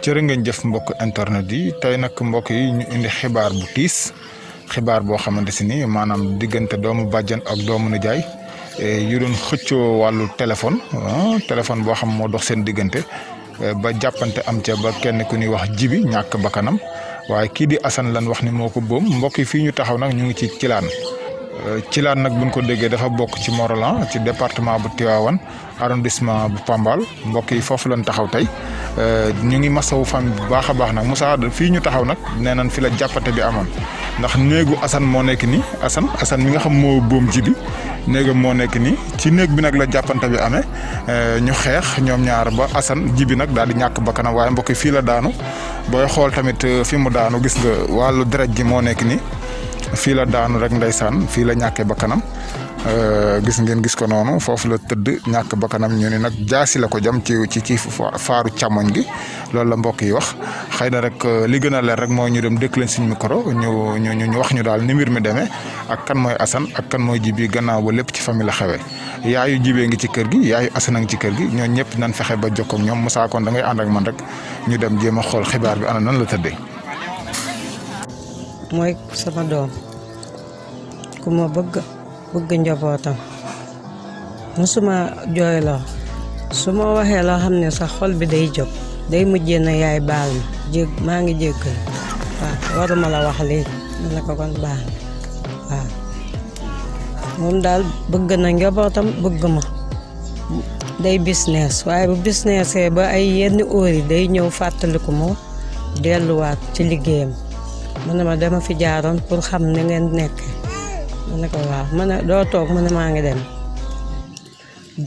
cere ngeen jëf mbokk internet yi tey nag mbokk yi ñu indi xibaar bu tiis xibaar boo xamante si ni maanaam diggante doomu bàjjan ak doomu nijaay e, yu doon xëccoo wàllu téléphone ah, téléphone boo xam moo dox seen diggante e, ba jàppante am ca ba kenn ku nuy wax jibi ñàkk bakkanam waaye kii di Assane lan wax ni moo ko boom mbokk yi fii ñu taxaw nag ñu ngi ci cilaan ci laan nag buñ ko déggee dafa bokk ci Morolan ci département bu Tivaouane arrondissement bu Pambal mbokk yi foofu lañ taxaw tey euh, ñu ngi masawu famille bu baax a baax nag Moussa fii ñu taxaw nag nee nañ fi la jàppante bi amoon ndax néegu Assane moo nekk nii Assane Assane mi nga xam moo boom ji bi néegam moo nekk nii ci néeg bi nag la jàppante bi amee euh, ñu xeex ñoom ñaar ba Assane ji bi nag daal di ñàkk bakkanam waaye mbokk yi fii la daanu booy xool tamit euh, fi mu daanu gis nga wàllu deret ji moo nekk nii. fii la daanu rek ndeysaan fii la ñàkkee bakkanam euh, gis ngeen gis ko noonu foofu la tëdd ñàkk bakkanam ñu ne nag jaasi la ko jam ci ci ci faaru càmmoñ gi loolu la mbokk yi wax xëy na rek euh, li gën a leer rek mooy ñu dem dëkk leen suñu micro ñu ñu ñu wax ñu daal ni mbir mi demee ak kan mooy Assane ak kan mooy Jibi gannaaw ba lépp ci famille la xewee yaayu Jibee ngi ci kër gi yaayu Assane a ngi ci kër gi ñooñ ñëpp nan fexe ba jokkoo ak ñoom Moussa kon da ngay ànd ak man rek ñu dem jéem a xool xibaar bi ana nan la tëddee. mooy sama doom ku ma bëgg bëgg njabootam musuma jooyloo su ma waxee loo xam ne sax xol bi day jóg day mujjee na yaay baal ma jég maa ngi jéggal waaw waruma a wax léegi ma ne ko kon baal moom daal bëgg na njabootam bëgg ma day business waaye bu businessee ba ay yenn óor yi day ñëw fàttaliku ma delluwaat ci liggéeyam mu na ma dama fi jaaroon pour xam ni ngeen nekk ma ne ko waaw ne doo toog mu ne maa ngi dem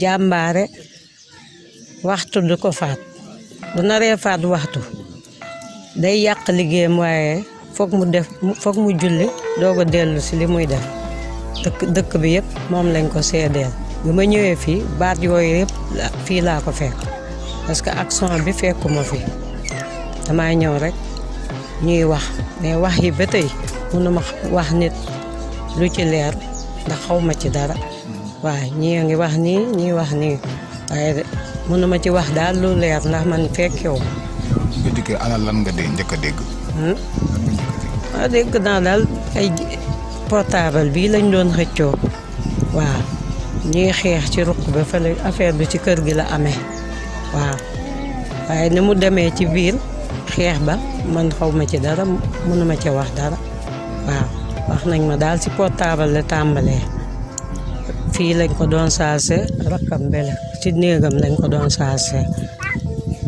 jàmbaare waxtu du ko faat bu naree faat waxtu day yàq liggéey waaye foog mu def foog mu julli doo a dellu si li muy def dëkk dëkk bi yëpp moom lañ ko seedeel bi ma ñëwee fii baat yooyu yëpp fii laa ko fekk parce que action bi fekkuma fi damaa ñëw rek ñuy wax mais wax yi ba tey mënuma wax nit lu ci leer ndax xaw ci dara waaye ñii ngi wax nii ñii wax nii waaye mënuma ci wax daal lu leer ndax man fekkewu nga dikkee ana lan nga dee njëkk a dégg waaw hmm? ah, dégg naa daal ay portable bii lañ doon xëccoo waaw ñuy xeex ci ruq ba fële affaire bi ci kër gi la ame waaw waaye ni mu demee ci biir xeex ba man xaw ma ci dara mënuma ci wax dara waaw wax nañ ma daal si portable la tàmbalee fii lañ ko doon saase rakkam bele ci néegam lañ ko doon saase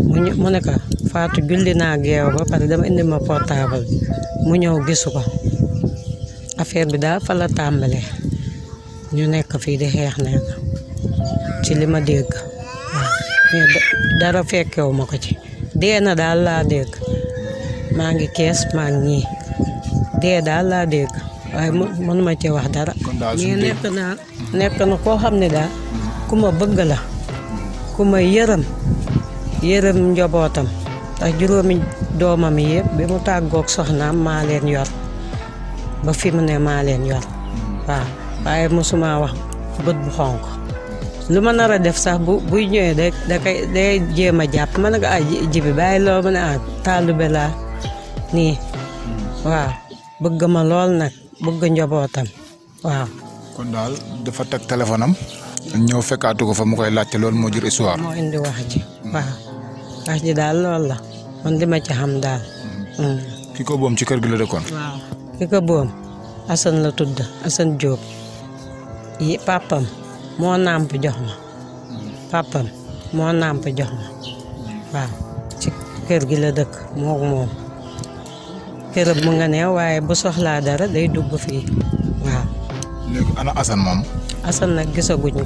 mu ñu mu ne ko Fatou julli naa geew ba pare dama indi ma portable bi mu ñëw gisu ko affaire bi daal fa la tàmbalee ñu nekk fii di xeex nekk ci li ma dégg waaw dara fekkewu ma ko ci dee na daal laa dégg maa ngi kees maa ngi ñii dee daal laa dégg waaye mënuma cee wax dara. mais nekk na koo xam ne daal ku ma bëgg la ku ma yërëm yërëm njabootam ndax juróomi doomam yëpp bi mu tàggoog soxnaam maa leen yor ba fi mu ne maa leen yor waaw waaye mosuma wax bët bu xonk. Lumana ra a def sax bu buy ñëwee rek da kay day jema japp man nga a ah, jibi bay lo man a ah, talu bela ni wa bëgg ma lol nak bëgg njabootam wa kon dal dafa teg téléphone ñëw fekkatu ko fa mu koy laajte lol mo jur histoire. mo indi wax ci wa wax ji dal lol la man li ma ci xam dal mm. mm. kiko bom ci kër gi la dëkkoon. wa kiko bom asan la tudd asan job yi papam nam nàmp jox ma papam nam nàmp jox ma wa ci kër gi la dëkk ak mom këram mu nga neew waaye bu soxlaa dara day dugg fii waaw léegi ana asan moom asan nag gisaguñ ko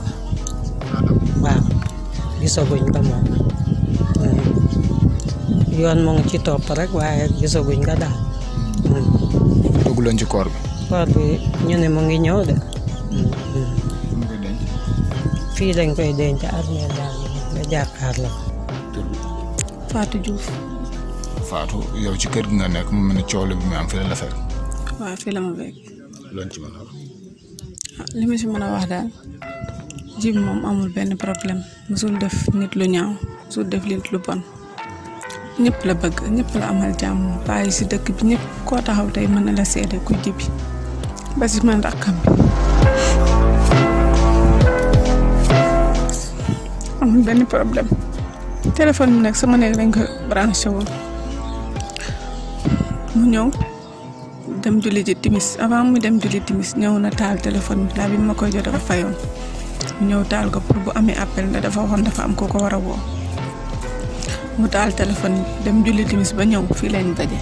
waaw gisaguñ ko moom yoon mu ngi ci topp rek waaye gisaguñ ko daal dugg ci koor bi koor bi ñu ne mu ngi ñëw de fii lañ koy denc armeel daal nga jàkkaar la Fatou Diouf Fatou yow ci kër gi nga nekk mu mel ne coow bi la la ah, ma ci li ma si mën a wax daal moom amul benn problème musul def nit lu ñaaw musul def nit lu bon ñëpp la bëgg ñëpp la amal jàmm bàyyi si dëkk bi ñëpp koo taxaw tey mën na la seede ku jibi ba si man rakkam amul benn problème téléphone bi nag sama néeg lañ ko branché woon mu ñëw dem julli ji timis avant muy dem julli timis ñëw na taal téléphone bi laa bi ma koy jot dafa fayoon ñëw taal ko pour bu amee appel na dafa waxoon dafa am ko ko war a woo mu taal téléphone dem julli timis ba ñëw fii lañ daje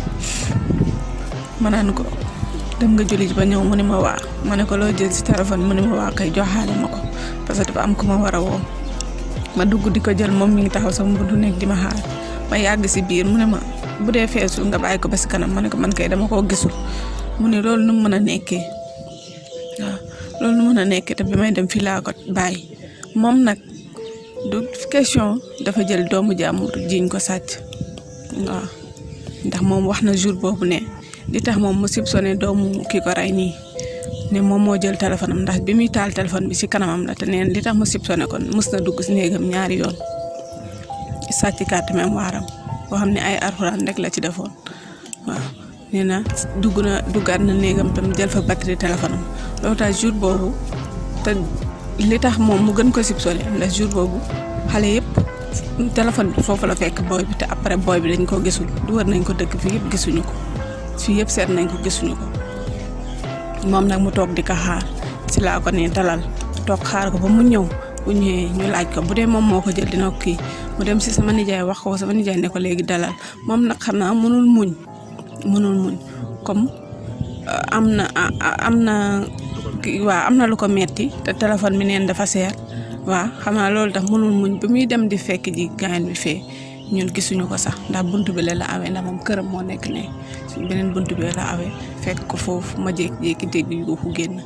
ma naan ko dem nga julli ji ba ñëw mu ne ma waa ma ne ko loo jël si téléphone mu ne ma waa kay joxaale ma ko parce que dafa am ma war a woo ma dugg di ko jël moom mi ngi taxaw sama buntu nekk di ma xaar ma yàgg si biir mu ne ma bu dee feesul nga bàyyi ko ba si kanam ma ne ko man kay dama koo gisul mu ne loolu nu mën a nekkee waaw loolu nu mën a nekkee te bi may dem fii laa ko bàyyi moom nag du question dafa jël doomu jàmbur jiñ ko sàcc waaw ndax moom wax na jour boobu ne li tax moom mu sib doomu ki ko rey ne moom moo jël téléphone ndax bi muy taal téléphone bi ci kanamam la te neen li tax mu soupçonné kon mës na dugg ci néegam ñaari yoon sàcc carte mémoire am xam ne ay arxuraan rek la ci defoon waaw nee na dugg na duggaat na néegam tam jël fa batterie téléphone am loolu tax jour boobu te li tax moom mu gën ko soupçonné ndax jour boobu xale yëpp téléphone bi foofu la fekk booy bi te après booy bi dañ koo gisul du wër nañ ko dëkk fii yëpp gisuñu ko fii yëpp seet nañ ko gisuñu ko. moom nag mu toog di ko xaar si laa ko ne dalal toog xaar ko ba mu ñëw bu ñëwee ñu laaj ko bu dee moom moo ko jël dina ko kii mu dem si sama nijaay wax ko sama nijaay ne ko léegi dalal moom nag xam naa mënul muñ mënul muñ comme uh, am na uh, uh, am na waaw am na lu ko metti te téléphone bi neen dafa seer waaw xam naa loolu tax mënul muñ bi muy dem di fekk ji gaañ bi fee ñun suñu ko sax ndax bunt bi la la awee ndax moom këram moo nekk ne suñ beneen bunt bi la la fekk ko foofu ma jékki-jékki dégg yu ko génn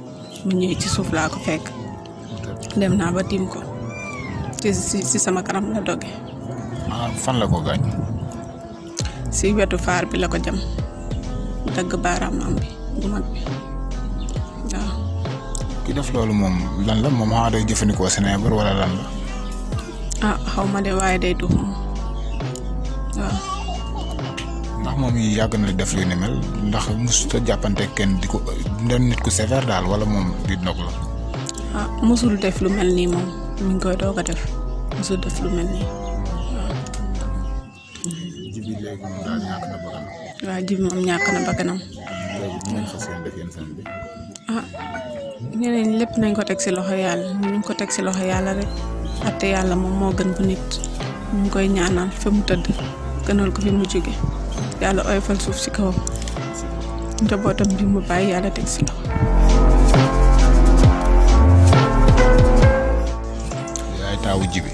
mu ñëwee ci suuf laa ko fekk dem naa ba tiim ko si sama kanam la doge. Ah, fan la ko gaañ. si wetu faar bi la ko jam dagg baaraamam bi bi ki def loolu moom lan la moom xanaa day jëfandikoo Sénégal wala lan la. ah ma de waaye day tuxum. sax moom yi yàgg na def yu ni mel ndax musuta jàppante kenn di ko doon nit ku sévère daal wala moom di dog la ah musul def lu mel nii moom mi ngi koy doog a def musul def lu mel nii jibi léegi moom daal ñàkk na bakkanam waaw jibi moom ñàkk na bakkanam léegi ñu fa ah ñeneen lépp nañ ko teg si loxo yàlla ñu ko teg si loxo yàlla rek atte yàlla moom moo gën bu nit ñu koy ñaanal fi mu tëdd gënal ko fi mu jógee yàlla oyofal suuf si kawam njabootam bi mu baye yalla tek ci loxo yaay taawu jibi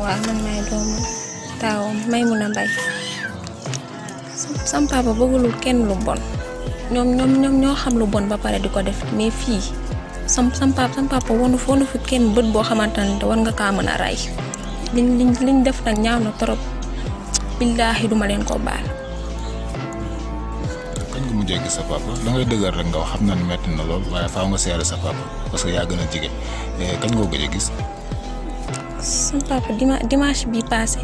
wa man maay doomu taawam may mun a mbay sam papa bëggulul kenn lu bon ñom ñom ñom ño xam lu bon ba pare diko def mais fi sam sam papa sam papa wonu fonu fu kenn bët bo xamantani da war nga ka mën ray liñ liñ liñ def nak ñaaw na torop billahi duma len ko baal jéggi dëgër rek nga wax xam na ne lool waaye faaw nga seere sa papa parce que yaa gën a jege eh, kañ nga gëj a gis. sama papa dimanche bi passé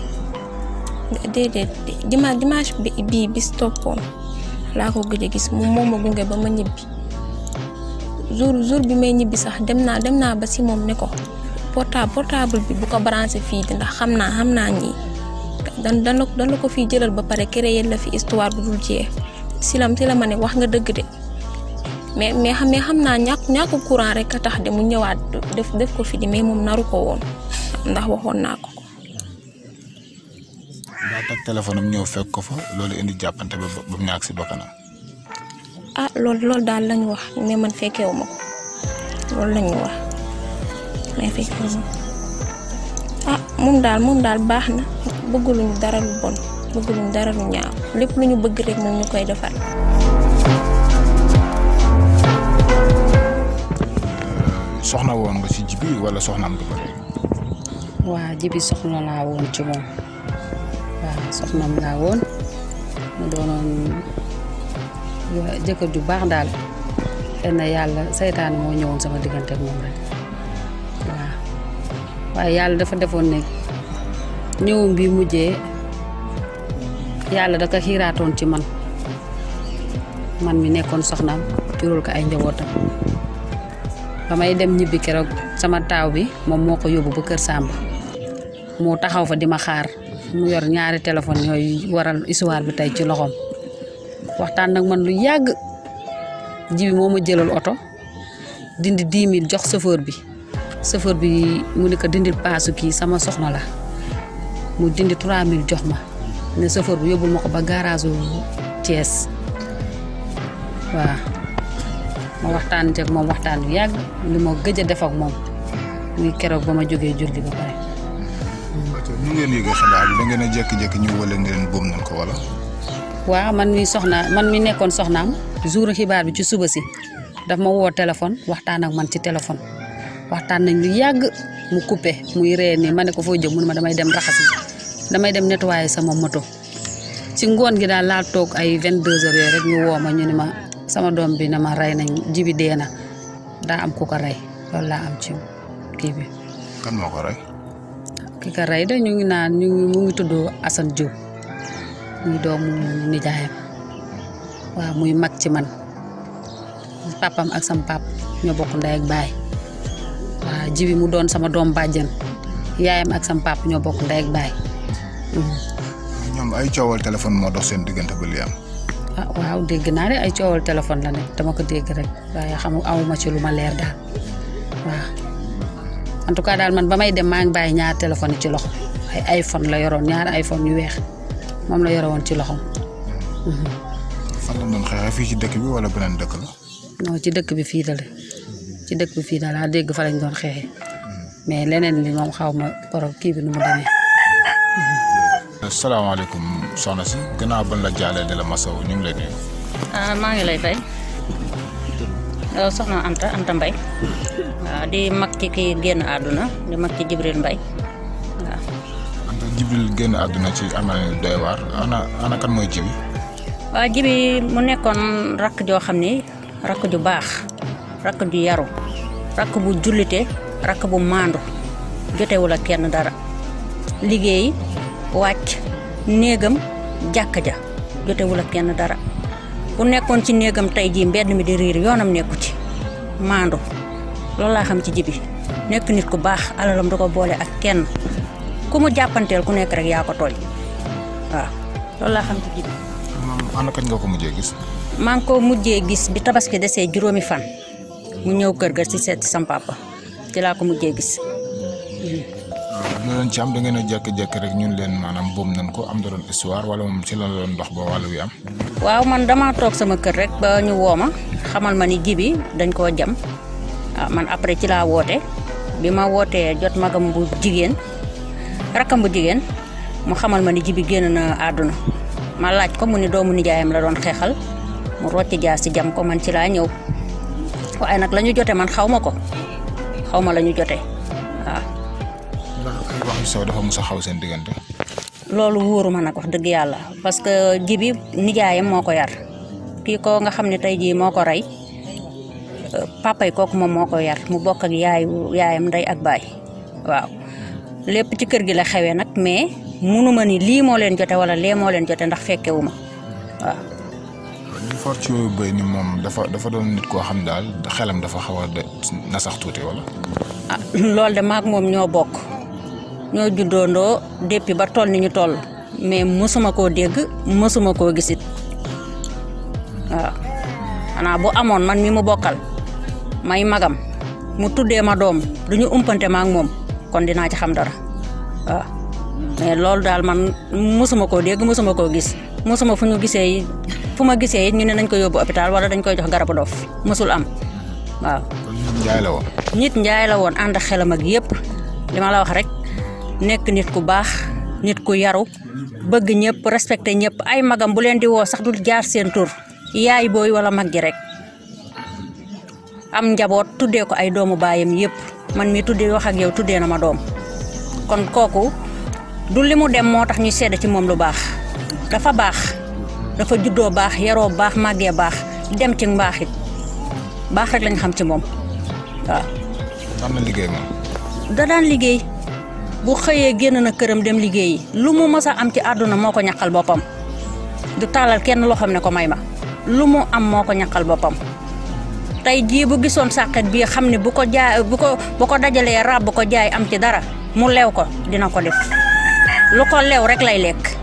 déedéet dimanche dimanche bii bis toppoon laa ko gëj a gis moom ma gunge ba ma ñibbi jour jour bi may ñibbi sax dem naa dem naa ba si moom ne ko portable portable bi bu ko branché fii ndax xam naa xam naa ñii dan dan la ko fii jëlal ba pare créer la fi histoire bu dul jeex. silam si ne wax nga dëgg de mais mais xam mais xam naa ñàkk ñàkku courant rek a tax de mu ñëwaat def def ko fi di mais moom naru ko woon ndax waxoon naa ko. daa teg téléphone am ñëw fekk ko fo loolu indi jàppante ba ba mu ñàkk si bakkanam. ah loolu loolu daal lañu wax mais man fekkeewu ma ko loolu lañu wax mais fekkeewu moom dal moom dal baxna bëggu bëgguluñu dara lu bon bëggu luñu dara lu ñaaw lepp luñu bëgg rek moom ñu koy defal soxna woon nga ci jibi wala soxna am du bari wa jibi soxna la woon ci mom wa soxna am la woon mu doonon jëkkër ju baax dal xëy yalla yàlla mo ñewon sama digënté ak moom rek waaye yàlla dafa defoon ne ñëwum bi mu jee yàlla da xiiraatoon ci man man mi nekkoon soxnaam jural ko ay njabootam ba dem ñibbi keroog sama taaw bi moom moo ko yóbbu ba kër Samba moo taxaw fa di ma xaar mu yor ñaari téléphone yooyu waral histoire bi tey ci loxoom waxtaan nag man lu yàgg ji bi moo jëlal oto dindi 10 jox chauffeur bi chauffeur bi mu ne ko dindil paasu kii sama soxna la mu dindi 3000 jox ma ne chauffeur bi yóbbul ma ko ba garage Thiès waaw ma waxtaan ak moom waxtaan yu yàgg li ma gëj a def ak moom muy keroog ba ma jógee jur gi ba pare. ngeen yëgee xibaar bi da ngeen a jékki-jékki ñu wala ngeen boom nañ ko wala. waaw man mi soxna man mi nekkoon soxnaam jour xibaar bi ci suba si daf ma woo téléphone waxtaan ak man ci téléphone. waxtaan nañ lu yàgg mu coupé muy ree nii ma ne ko foo jëm mu ma damay dem raxas damay dem nettoyer sama moto ci ngoon gi daal laa toog ay 22 heures yooyu rek ñu woo ma ñu ne ma sama doom bi na ma rey nañ jibi dee na daa am ku ko rey loolu laa am ci kii bi. kan ko rey. ki ko rey de ñu ngi naan ñu ngi mu ngi tudd Assane Diop muy doomu nijaayam waaw muy mag ci man papam ak sam pap ñoo bokk ndey baay. jiwi mu doon sama doom bàjjan yaayam ak sama papa ñoo bokk nday ak bay hmm. ñom ay ciowal téléphone mo dox seen digënté ba li am. ah waaw dégg naa de ay ciowal téléphone la nekk dama ko dégg rek waaye xamu awuma ci lu ma leer daal waaw. en tout cas daal man ba may dem maa ngi bàyyi ñaar téléphone ci loxo ay iPhone la yoroon ñaar iPhone yu weex moom la yoroon ci loxom. fan la doon xeexee fii ci dëkk bi wala beneen dëkk la. non ci dëkk bi fii la ci dëkk bi fii daal laa dégg fa lañ doon xeexee mais leneen li moom xaw ma borom kii bi nu mu demee. asalaamaaleykum soxna si gannaaw ban la jaalee de la masaw ñu ngi lay nuyu. Ah, maa ngi lay fay soxna Anta Anta Mbaye di mag ci kii génn àdduna di mag ci Jibril Mbaye waaw. Anta Jibril génn àdduna ci amal doy waar ana ana kan mooy jibi. waaw jibi mu nekkoon rakk joo xam ni rakk ju baax. rakk ju yaru rakk bu jullite rakk bu maandu jotewul ak kenn dara liggéey wàcc néegam jàkka ja jotewul ak kenn dara ku nekkoon ci néegam tey jii mbedd mi di riir yoonam nekku ci maandu loolu laa xam ci jibi nekk nit ku baax alalam du ko boole ak kenn ku mu jàppanteel ku nekk rek yaa ko tooñ waaw loolu laa xam ci jibi. maanaam ana ko mujjee ngi ko mujjee gis bi tabaski desee juróomi fan. mu ñëw kër ga ci seet sam papa ci la ko mujjee gis. lu leen ci am da ngeena a jékki rek ñun leen manam Wow nañ ko am doon histoire wala mom ci la doon dox ba walu wi am. waaw man dama tok sama kër rek ba ñu woma xamal ma ni gibi dañ ko jam ah, man après ci la woté bi woté jot magam bu jigen rakam bu jigen mu xamal ma ni jibi génn na aduna ma laaj ko mu ni doomu nijaayam la doon xexal mu rocc jaasi jam ko man ci la ñew ko ay nak lañu jotee man xawma ko xawma lañu ah. la ñu kan jotee waaw. wax yu sew dafa musa xaw sen digënté loolu wóoruma nak wax dëgg yalla parce que gibi nijaayam moko yar ki ko nga xamni tay ji moko ray eh, ko rey papay kooku moom moo yar mu bok ya ak yaay yaayam nday ak bay waaw lepp ci kër gi la xewé nak mais munu ma ni li mo len jotté wala lee mo len jotté ndax fekkewuma waaw. Fort Tchioubeini moom dafa dafa doon nit koo xam daal xelam dafa xaw a nasax tuuti wala. ah loolu de maag moom ñoo bokk ñoo juddoondoo depuis ba toll ni ñu toll mais mosuma koo dégg mosuma koo gisit waaw bu amoon man mi mu bokkal may magam mu tuddee ma doom du ñu umpante maag moom kon dinaa ci xam dara waaw mais loolu daal man mosuma koo dégg mosuma koo gis mosuma fu ñu gisee fu ma gisee ñu ne nañ ko yóbbu hôpital wala dañ koy jox garabu doof mësul am waaw. nit njaay la woon. nit njaay la woon ànd ak xelam ak yëpp li ma la wax rek nekk nit ku baax nit ku yaru bëgg ñëpp respecté ñëpp ay magam bu leen di woo sax du jaar seen tur yaay booy wala mag ji rek am njaboot tuddee ko ay doomu baayam yëpp man mi tuddee wax ak yow tuddee na ma doom kon kooku du li mu dem moo tax ñuy sedd ci moom lu baax dafa baax. dafa juddoo baax yaroo baax màggee baax dem ci mbaax it baax rek lañ xam ci moom waaw. am na liggéey moom. da daan liggéey bu xëyee génn na këram dem liggéeyi lu mu mës a am ci àdduna moo ko ñaqal boppam du tàllal kenn loo xam ne ko may ma lu mu am moo ko ñaqal boppam. tey jii bu gisoon sàqet bii xam ne bu ko jaay bu ko bu ko dajalee ràbb ko jaay am ci dara mu lew ko dina ko def lu ko lew rek lay lekk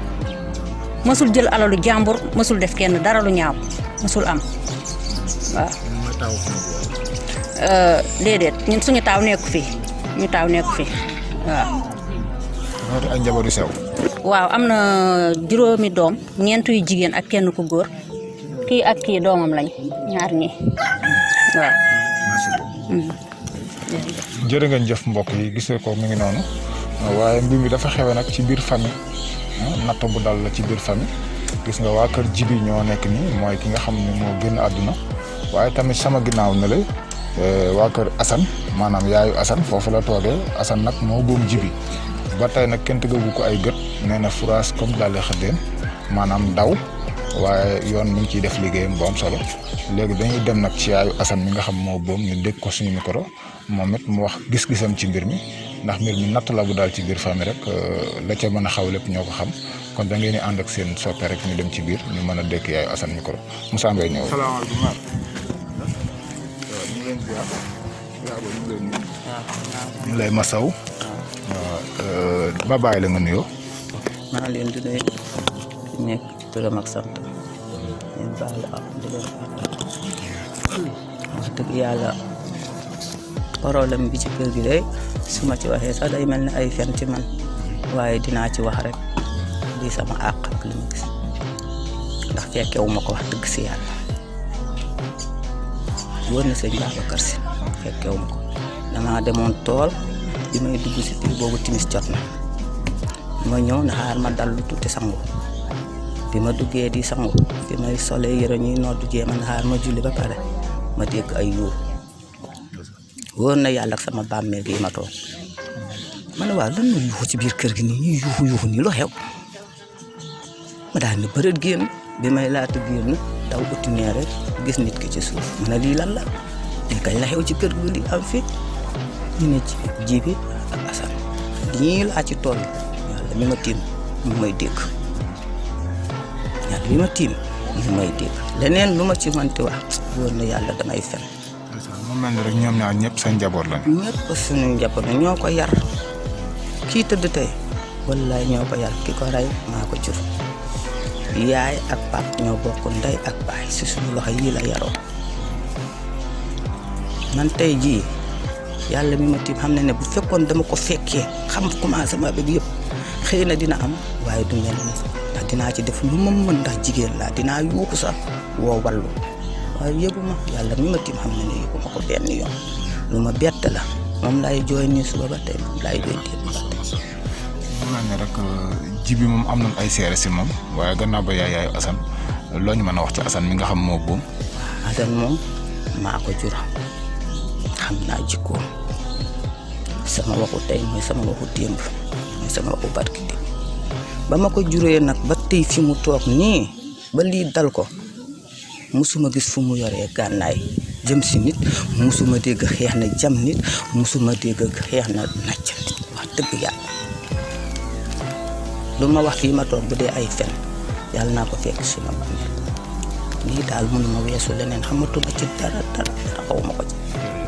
mësul jël alalu jàmbur mësul def kenn dara lu ñaaw mësul am waaw. Euh, déedéet ñun suñu taw nekku fi ñu taw nekku fi waaw. ay njaboot yu sew. waaw am na juróomi doom ñeent yu jigéen ak kenn ku góor kii ak kii doomam lañ ñaar ñi waaw. jërë ngeen jëf mbokk yi gisee ko mi ngi noonu. waaye mbir mi dafa xewe nag ci biir famille ah, natto bu dal la ci biir famille gis nga waa kër jibi ñoo nekk nii mooy ki nga xam ne moo génn àdduna waaye tamit sama ginnaaw ne la eh, waa kër Assane maanaam yaayu Assane foofu la toogee Assane nag moo góom jibi ba tey nag kenn tëggagu ko ay gët nee na furaas comme daal di maanaam ndaw waaye yoon mu ngi ciy def liggéeyam bu solo léegi dañuy dem nag ci yaayu Assane mi nga xam moo boom ñu dégg ko suñu micro moom mu wax gis-gisam ci mbir mi ndax mbir mi natt la bu dal ci biir famille rek euh, la ca mën a xaw lépp ñoo ko xam kon da ngeen di ànd ak seen soppe rek ñu dem ci biir ñu mën a dékk yaay asan micro Moussa Mbaye ñëw. salaamaaleykum ñu ngi lay masaw. ba bàyyi la nga nuyoo. maa leen di nuyu nekk turam ak sant leen baal la ak di leen wax dëgg yàlla problème bi ci kër gi day suma ci waxe sax day melni ay fen ci man waye dina ci wax rek di sama ak ak lu gis ndax fekkewu ma ko wax deug ci yalla wóor na sëñ Babacar si fekkewu ma ko damaa demoon tool bi may dugg ci fii bobu timis jotna na ma ñëw na xaar ma lu tuti sangu bi ma duggé di sangu bi may solé yëre ñi noddu jéema na xaar ma julli ba paré ma dégg ay yoo wóor na yàlla ak sama bàmmeel gi ma toog ma ne lan moo yuuxu ci biir kër gi nii ñuy yuuxu yuuxu nii lu xew ma daal ni bërët génn bi may laata génn taw uti nee rek gis nit ki ci suuf ma lii lan la ne kañ la xew ci kër gi li am fii ñu ne ci jibi ak asan ñii laa ci toll yàlla mi ma tiim mu may dégg ma tiim leneen lu ma ci manti wax wóor na yàlla damay fen mu mel rek ñëpp seen njaboot la. ñëpp suñu njaboot la ñoo ko yar kii tëdd tey wallaay ñoo ko ki ko rey maa ko jur yaay ak pap man tey jii yàlla mi ma tiim xam ne ne bu fekkoon dama ko fekkee xam commencement bi yëpp xëy na dina am waaye du mel ndax dinaa ci def lu ma mën ndax jigéen laa dinaa yuuxu sax woo wallu waaye yëguma yàlla mi ma tim xam ne ne yëguma ko benn yoon lu ma bett la moom laay jooy nii suba ba tey moom laay jooy démb ba tey bi moom am nañ ay seere si waaye gannaaw ba loo ñu mën a wax ci Assane mi nga xam moo buum Assane ko xam naa jikkoom sama waxu tey mooy sama waxu démb mooy sama waxu barki ba ma ko juree nag ba tey fi mu toog nii ba lii dal ko musuma gis fu mu yoree gànnaay jëm si nit musuma dégg xeex na jam nit musuma dégg xeex na nàcc nit wax dëgg yàlla lu ma wax fii ma toog bu dee ay fen yàlla naa ko fekk si ma bàmmeel lii daal mënuma weesu leneen xamatuma ci dara dara dara xaw ma ko ci